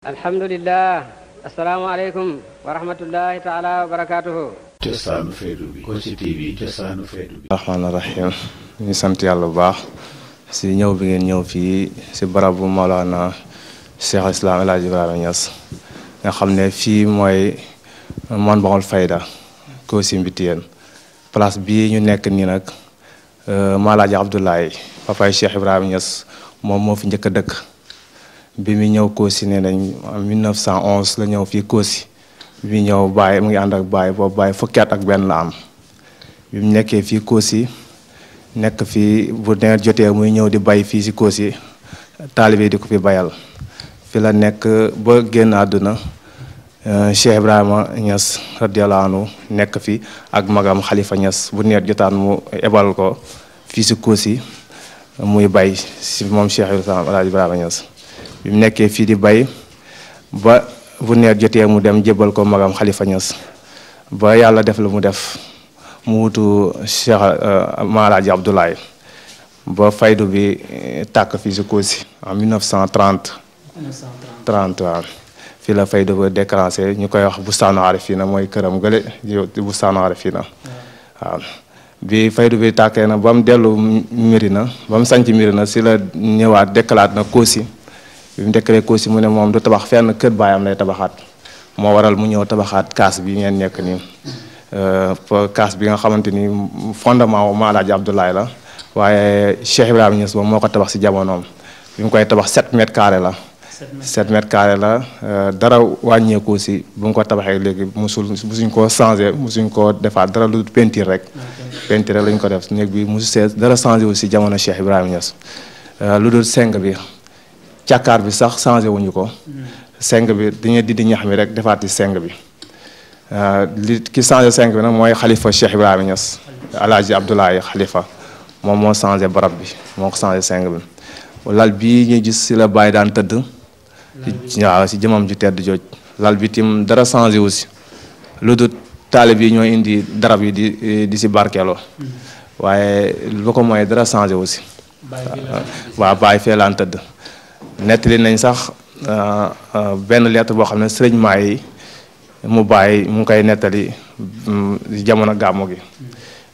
الحمد لله السلام عليكم ورحمة الله تعالى وبركاته جسان فيدوبي كوتي تي في جسان فيدوبي الرحمن الرحيم نسمت يالله باخ سي نيو في سي براب مولانا الاسلام الحاج ابراهيم نياس نا في موي مان بول فايدا كوسي مبيتين بلاص بي ني نيك ني نك مالاج شيخ ابراهيم نياس موم مو في نك دك bi mu ñëw Kossy ne dañ 1911 la ñëw fii Kossy bi mu ñëw mu ngi ànd ak Baye boobu Baye fukki ak benn la am bi mu nekkee fii Kossy nekk fii bu nawet jotee muy ñëw di bay fii si Kossy taalibe di ko fi bayal fi la nekk ba génn àdduna euh, nekk fi ak magam xalifa Niass bu nawet jotaan mu ebal ko fii si Kossy muy bay si moom Cheikh Ibrahima Niass bi mu nekkee fii di bay ba bu neer jotee mu dem jébbal ko magam xalifa Niass ba yàlla def la mu def mu wutu Cheikh euh, Maalaji Abdoulaye ba faydu bi euh, tàkk fii si Kossy fii la faydu ba déclenché ñu koy wax Bustaanu na mooy këram gële fii Arifina waaw bi faydu bi tàkkee na ba mu dellu Mirina ba mu sanc Mirina si la ñëwaat déclaat na Kossy bi mu décrété aussi mu ne moom du tabax fenn kër baayam lay tabaxaat moo waral mu ñëw tabaxaat kaas bi ngeen nekk nii euh, kaas bi nga xamante ni fondement wu Maalaaji Abdoulaye la waaye Cheikh Ibrahima Niass moom moo ko tabax si jamonoom bi mu koy tabax 7 mètres carrés la. 7 mètres la euh, dara wàññeeku si bu mu ko tabaxee léegi musul musuñ koo changé musuñ koo defaat dara lu peinture rek. Ah, peinture rek lañ ko def néeg bi musu see dara changé wu si jamono Cheikh Ibrahima Niass euh, lu dul seng bi. càkkaar bi sax changé wuñu ko seng bi dañuy di di ñax mi rek defaati seng bi li ki changé seng bi nag mooy xalifa Cheikh Ibrahima Niass alaaji Abdoulaye xalifa moom moo changé barab bi moo ko changé seng bi lal bii ñuy gis si la bàyyi daan tëdd waaw si jëmam ju tedd jooj lal bi tim dara changé wu si lu dul taalib yi ñoo indi darab yi di di si barkeeloo waaye lu ko mooy dara changé wu si waaw bàyyi fee laan tëdd nettali nañ sax euh, euh, benn lettre boo xam ne sëriñ maa yi mu bàyyi mu ngi koy nettali mm, jamono gàmmu gi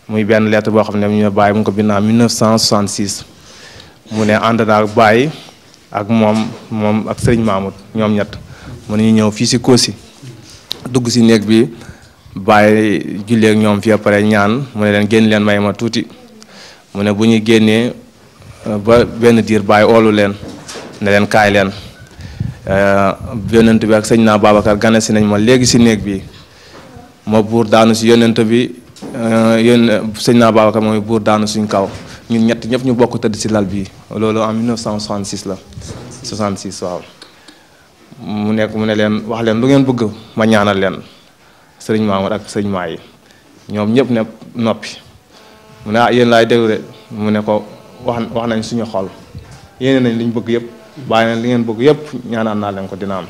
muy benn lettre boo xam ne ñu ne bàyyi mu ngi ko bind en 1966 ne ànd naa ak bàyyi ak moom moom ak sëriñ Mahmoud ñoom ñett mu ne ñu ñëw fii si Kossy dugg si néeg bi bàyyi jullee ñoom fi ba pare ñaan mu ne leen génn leen may ma tuuti mu ne bu ñuy génnee euh, ba benn diir bàyyi oolu leen. ne leen len leen eh, yonent bi ak sëñ naa Babacar gane si nañ ma léegi si néeg bi mo buur daanu si yonent bi eh, yéen sëñ naa Babacar mooy buur daanu suñ kaw ñun ñett ñëpp ñu bokk tëdd si lal bi loolu en 1966 la 66 waaw mu nekk mu ne leen wax leen lu ngeen bëgg ma ñaanal leen sëriñ Maamad ak sëñ maa yi ñoom ne noppi mu ne ah yéen laay de mu ne ko wax wax nañ suñu xol yéene nañ liñ bëgg yëpp waaye li ngeen bëgg yëpp ñaanaan naa leen ko dina am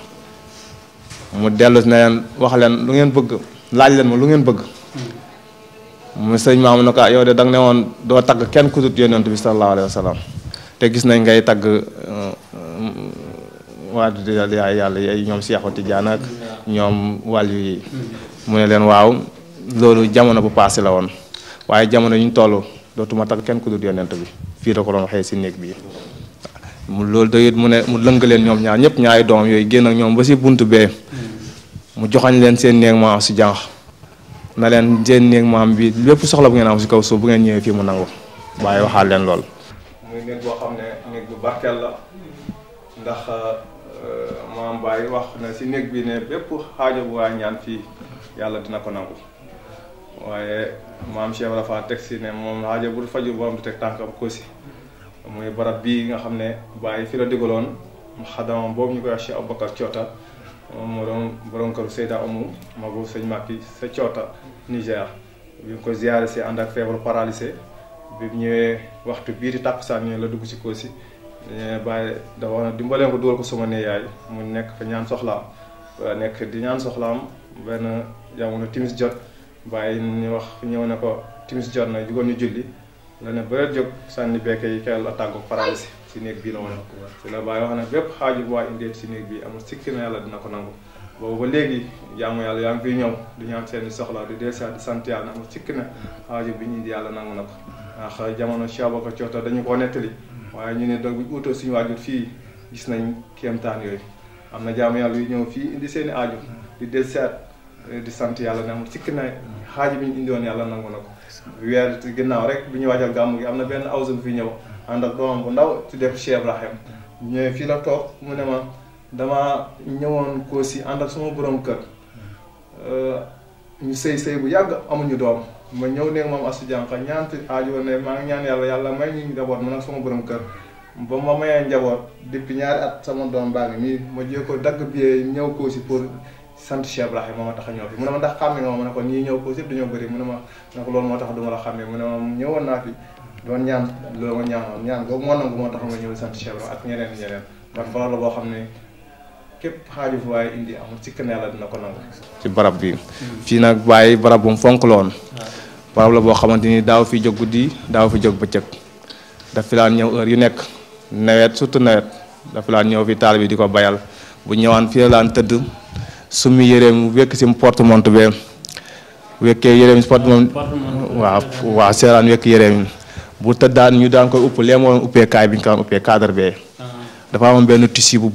mu dellu ne leen wax leen lu ngeen bëgg laaj leen ma lu ngeen bëgg mu sëñ maamu na ko ah, yow de da ne woon doo tagg kenn ku dut bi sallallahu alayhi te gis nañ ngay tagg euh, euh, waa di yaay yàlla yay ñoom Seexu Tijaan ak ñoom wàllu yi mm-hmm. mu ne leen waaw loolu jamono bu paase la woon waaye jamono yu ñu dootuma tagg kenn ku bi fii ko doon waxee si néeg bii mu loolu doyut mu ne mu lëng leen ñoom ñaar ñëpp ñaari doom yooyu génn ak ñoom ba si buntu bee mu joxañ leen seen néeg maam si jànq na leen seen néeg maam bi lépp soxla bu ngeen am si kaw suuf bu ngeen ñëwee fii mu nangu waaye waxaal leen lool. muy néeg boo xam ne néeg bu barkeel la ndax euh, maam Baye wax na si néeg bi ne bépp xaajo bu waa ñaan fii yàlla dina ko nangu waaye maam Cheikh Rafa teg si ne moom xaajo bu faju boom du teg tànkam ko si. mooy barab bii nga xam ne bàyyi fi la digaloon xadamam boobu ñu koy wax Cheikh Aboubacar Coota moo doon borom këru Seyda magu sëñ Màkki sa Coota Niger bi mu ko ziyaare si ànd ak feebaru paralysé bi mu ñëwee waxtu bii di tàkkusaan ñu la dugg si Kossy eh, bàyyi dafa wax ne dimbaleen ko dugal ko sama ne yaay mu nekk fa ñaan soxlaam nekk di ñaan soxlaam benn jamono timis jot bàyyi ñu wax ñëw ne ko timis jot na jugal ñu julli la ne ba jóg sànni bekke yi kayal attaque ko paralysé si néeg bii la woon si la bàyyi wax ne bépp xaaju bu waa indeet si néeg bii amul sikki na yàlla dina ko nangu boobu léegi jaamu yàlla yaa ngi fiy ñëw di ñaan seeni soxla di deesaat di sant yàlla amul sikki na xaaju bi ñu yàlla nangu na ko ndax jamono siabaka coota dañu koo nettali waaye ñu ne dog bu utoo suñu fii gis nañ kéemtaan yooyu am na jaamu yàlla yu ñëw fii indi seen i aaju di sant yàlla ne amul sikki na xaaji bi ñu indi woon yàlla nangu na ko weer ginnaaw rek bi wajal waajal gàmm gi am na benn awsa bu fi ñëw ànd ak doomam bu ndaw tuddee ko Cheikh Ibrahim ñëwee fii la toog mu ne ma dama ñëwoon koo si ànd ak sama borom kër ñu sëy sëy bu yàgg amuñu doom ma ñëw ne moom asu jànqa ñaanti aajo ne maa ngi ñaan yàlla yàlla may ñu njaboot man ak sama borom kër ba ma mayee njaboot depuis ñaari at sama doom baa ngi nii ma jee ko dagg biyee ñëw koo si pour Santia Cheikh Ibrahima ma tax ñëw fi mu ne ma ndax xàmmee nga ma ne ko ñii ñëw ko yëpp dañoo bëri mu ne ma ne ko mo moo tax du ma la xàmmee mu ne ma ñëwoon naa fi doon ñaan loolu ma ñaanoon ñaan boobu moo nangu moo tax ma ñëw sant Cheikh Ibrahima ak ñeneen ñeneen ndax barab la boo xam ne képp xaaju fu waaye indi amul sikk ne la dina ko nangu ci barab bi fi nag bàyyi barab bu fonk loon barab la boo xamante ni fi jóg guddi daaw fi jóg bëccëg da fi daan ñëw heure yu nekk nawet surtout nawet da fi daan ñëw fi taal bi di ko bayal bu ñëwaan fi la daan summi yëreem mu wekk si porte-monnaie bu wekkee yëreem si porte-monnaie waaw waaw seeraan wekk yëreem bu tëddaan ñu daan koy upp lee moo uppee kaay bi ñu ko ah. dafa am benn tissu bu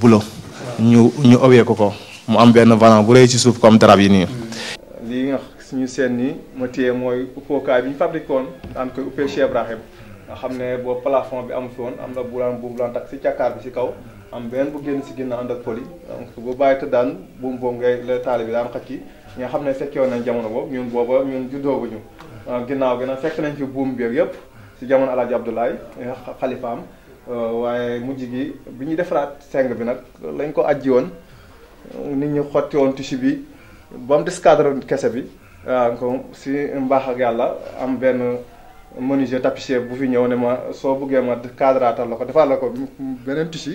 ñu ñu owee ko ko mu am benn valant bu ci suuf comme darab yi nii mm. lii nga suñu seen nii ma téye mooy uppookaay bi ñu fabriqué woon daan koy uppee Cheikh Ibrahim nga xam ne boo plafond bi amu fi am na bu daan buum daan takk si càkkaar bi si kaw am benn bu génn si ginnaaw ànd ak poli donc bu bàyyi te daan buum boobu ngay la taali bi daan xëcc ñi nga xam ne fekkee woon nañ jamono boobu ñun booba ñun juddoo bu ñu ginnaaw gi nag fekk nañ fi buum bi yëpp si jamono alaaji Abdoulaye eh, xalifaam euh, waaye mujj gi bi ñuy defaraat seng bi nag lañ ko ajji woon nit ñi xotti woon tissu bi ba mu discadre kese bi waaw ah, si mbaax yàlla am benn menuisier tapissier bu fi ñëw ne ma soo bëggee ma cadraatal la ko defal la ko beneen tissu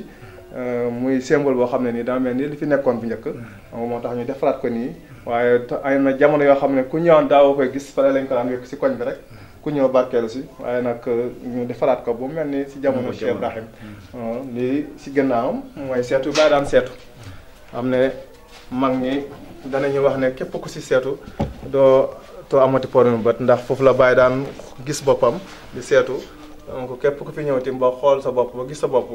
Euh, muy symbole boo xam ne nii daa mel ni li fi nekkoon bu njëkk hmm. moo tax ñu defaraat ko nii waaye ay na jamono yoo xam ne ku ñëwaan daawoo koy gis fale lañ ko daan si koñ rek hmm. ku ñëw barkeelu si waaye nag euh, ñu ko bu mel ni si jamono hmm. Cheikh Ibrahim euh, lii si gannaawam mooy seetu bàyyi daan seetu xam ne mag ñi danañu wax ne képp ku si seetu doo too amati problème ndax foofu la bàyyi daan gis boppam di seetu donc képp ku fi ñëw tim ba xool sa bopp ba gis sa bopp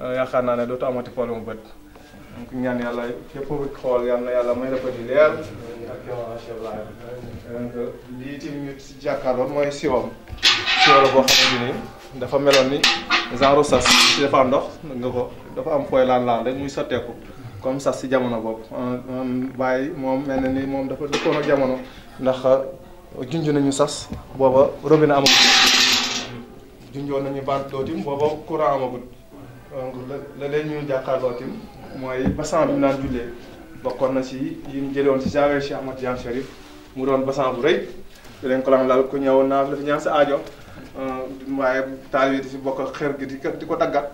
Euh, yaakaar naa ne dootu amati mu bët donc ñaan yàlla képp ku xool yal yàlla may la bët yi leer ak euh, yow lii tamit ñu si jàkkaarloon mooy siwam siwa la boo xamante ni dafa meloon ni genre sas si dafa ndox nga ko dafa am fooy laan laan rek muy sotteeku comme sas si jamono boobu waaye moom mel na ni moom dafa dëkkoon jamono ndax euh, junj nañu sas booba robinet amagut junjoon nañu bant dootim booba courant amagut donc la leen ñu jàkkaarloo tim mooy basan bi mu daan bokkoon na si yi mu jëlee woon si jaawee Cheikh Ahmad Tidiane Chérif mu doon basan bu rëy di leen ko lan laal ku ñëw naa la fi ñaan sa aajo euh, waaye taal yi di si bokk xër gi di ko daggat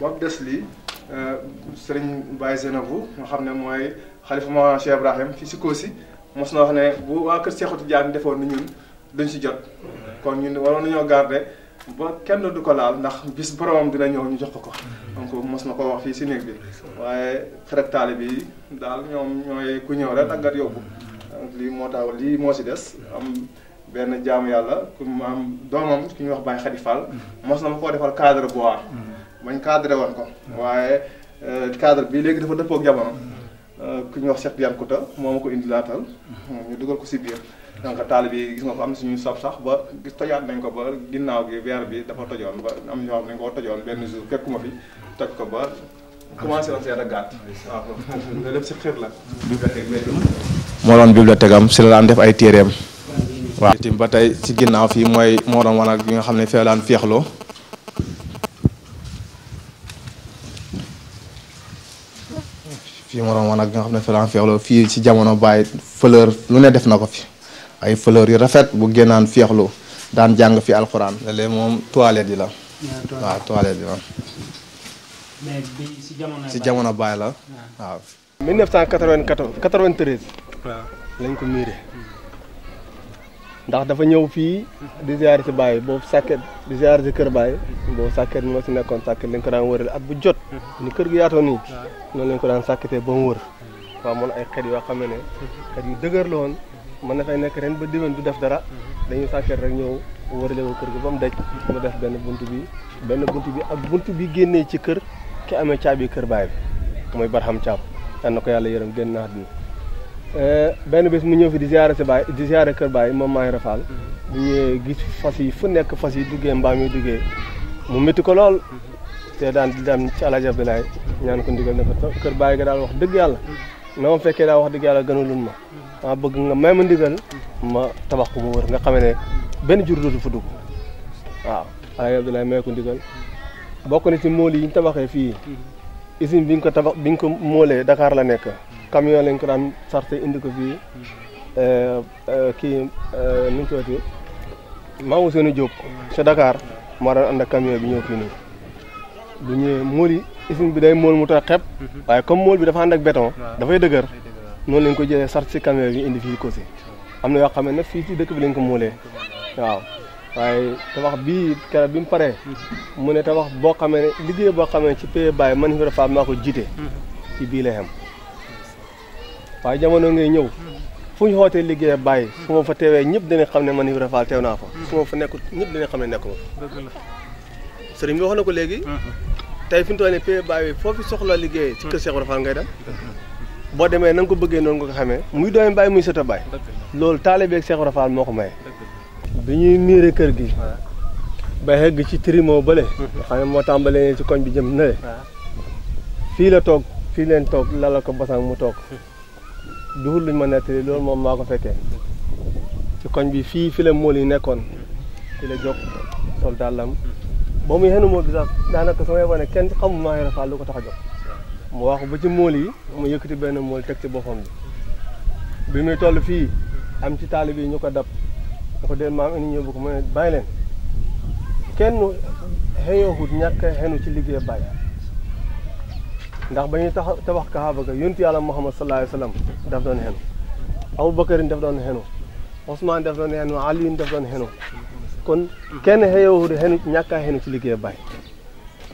ba mu des lii euh, sëriñ Baye Zénabou nga xam ne mooy xalifa Mawlana Cheikh Ibrahim fii si Kossy mos na wax ne bu waa kër Cheikhou Tidiane defoon ni ñun duñ si jot kon ñun waroon nañoo garder. ba kenn du ko laal ndax bis boromam dina ñëw ñu jox ko ko donc mos na ko wax fii si néeg bi waaye xarit taali bi daal ñoom ñooy ku ñëw rek ak nga yóbbu donc lii moo tax lii moo si des am benn jaamu yàlla ku mu am doomam ki ñuy wax Baye Khady Fall mos na ma koo defal cadre bois bañ cadré woon ko waaye euh, cadre bi léegi dafa dëppoo ak jamono euh, ku ñuy wax Cheikh Diagne Couta moo ko indilaatal ñu dugal ko si biir donc taalibe yi gis nga ko am suñu sob sax ba gis tojaat nañ ko ba ginnaaw gi weer bi dafa tojoon ba am ñoo xam ne ko tojoon benn jour fekkuma fi toj ko ba commencé a moo doon bibliothèque am def ay téeréem tey ci ginnaaw fii mooy moo doon bi nga xam ne fee daan féexloo fii moo doon xam ne fee fii ci jamono bàyyi fleur lu ne def na ko fi ay fleur yu rafet bu génnaan féexlu daan jàng fi alxuraan léeg-léeg moom toilette yi la. waaw toilette yi la. mais bi si jamono si jamono baay la waaw. 1994 93. ko miiree. ndax dafa ñëw fii di ziare si Baye boobu sàkket di ziare si kër Baye boobu sàkket moo si nekkoon sàkket lañ ko daan wëral at bu jot. Mm-hmm. ni kër gi yaatoo nii. noonu lañ ko daan sàkketee ba wër. Mm-hmm. waaw man ay xet yoo xam ne xet yu dëgër la mën na fay nekk ren ba déwén du def dara dañu sàkket rek ñëw wërale wu kër gi ba mu daj mu def benn bunt bi benn bunt bi ak bunt bi génnee ci kër ki amee caabi kër baay bi mooy barxam caab yal na ko yàlla yërëm génn na àddina eh, benn bis mu ñëw fi di ziare si baay di ziare kër baay moom maay rafaal bu ñëwee gis fas yi fu nekk fas yi duggee mbaam yi duggee mu métti ko lool te daan di dem ci alaaj Abdoulaye ñaan ko ndigal ne ko kër baay ga daal wax dëgg yàlla na ma fekkee daal wax dëgg yàlla gënalul ma dama bëgg nga may ma ndigal ma tabax ko mu wër nga xamee ne benn jur du fa dugg waaw Alaaji Abdoulaye may ko ndigal bokk na ci mool yi tabaxee fii usine bi ñu ko tabax bi ñu ko moolee Dakar la nekk camion lañ ko daan sarte indi ko fii eh, eh, kii eh, nu mu tuddati Mamadou Seynou Diop ca Dakar moo daan ànd ak bi ñëw fii mool yi usine bi day mool mu tax xepp mhm. waaye comme mool bi dafa ànd ak béton dafay dëgër noonu lañ ko jëlee sart si caméra bi indi fii Kossy am na yoo xam ne nag fii ci dëkk bi lañ ko moolee waaw waaye tabax bii keroog bi mu paree mu ne tabax boo xamee ne liggéey boo xamee ci pay bàyyi man fi dafa maa ko jiite ci bii la xam waaye jamono ngay ñëw fu ñu xootee liggéey bàyyi fu ma fa teewee ñëpp dina xam ne man fi Fall teew naa fa fu ma fa nekkul ñëpp dina xam ne nekku ma sëriñ bi wax na ko léegi tey fi mu toll nii paye bàyyi foofu soxla liggéey ci kër Cheikh Ibra ngay dem boo demee na ko bëggee noonu nga ko xamee muy doomi baay muy sët a baay loolu taalibeeg Cheikh Ibra Fall moo ko maye bi ñuy miire kër gi ba xegg ci trimo bële moo tàmbalee ne ci koñ bi jëm nale fii la toog fii leen toog lala ko basang mu toog duhul luñ ma nettali loolu moom maa ko fekkee ci koñ bi fii fi la mool yi nekkoon fi la jóg sol dàllam ba muy xenu mool bi sax daanaka samay wane kenn xamu maa lu ko tax a jóg mu wax ba ci mool yi mu yëkkati benn mool teg ci boppam bi bi muy toll fii am ci taalib yi ñu ko dab ñu ko deen maam indi ñëw ko mu ne bàyyi leen kenn xëyooxut ñàkk xenu ci liggéey bàyyi ndax ba ñuy tax tabax kaaba ga yontu yàlla muhammad sallallahu alayhi wa sallam daf doon doon xenu osman daf doon xenu aliin daf doon kenn xëyooxut xenu ñàkk ci liggéey bàyyi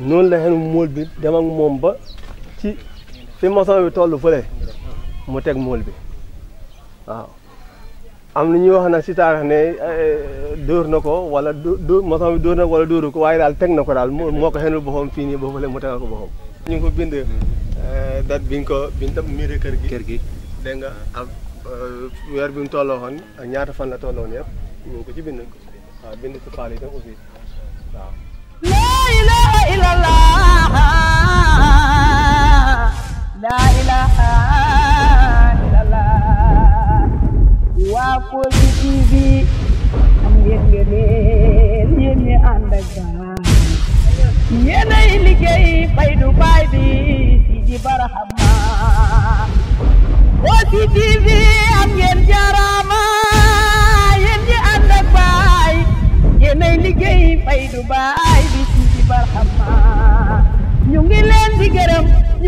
noonu la xenu mool bi dem moom ba ci fi maçon bi tollu fële mu teg mool bi waaw am na ñuy wax nag si taarix ne eh, dóor na ko wala dóor maçon bi dóor na ko wala dóoru ko waaye daal teg na ko daal moo ko xenul boppam fii nii ba fële mu tegal ko boppam ñu ngi ko bind mm-hmm. eh, date biñ ko bind tam kër gi kër gi dégg nga ak eh, weer bi mu tollooxoon ñaata fan la tolloon yëpp ko ci bind waaw si paal yi tam aussi waaw la ilaha illallah laa ilaaha illallah waa Kossy TV am ngeen ngeen yéen ñi ànd ak gaal yéenay liggéey faydu baay bi Sidi Barhama Kossy TV am ngeen jaaraama yéen ñi ànd ak baay yéenay liggéey faydu baay bi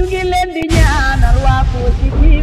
ñu ngi leen di ñaanal waa Kossy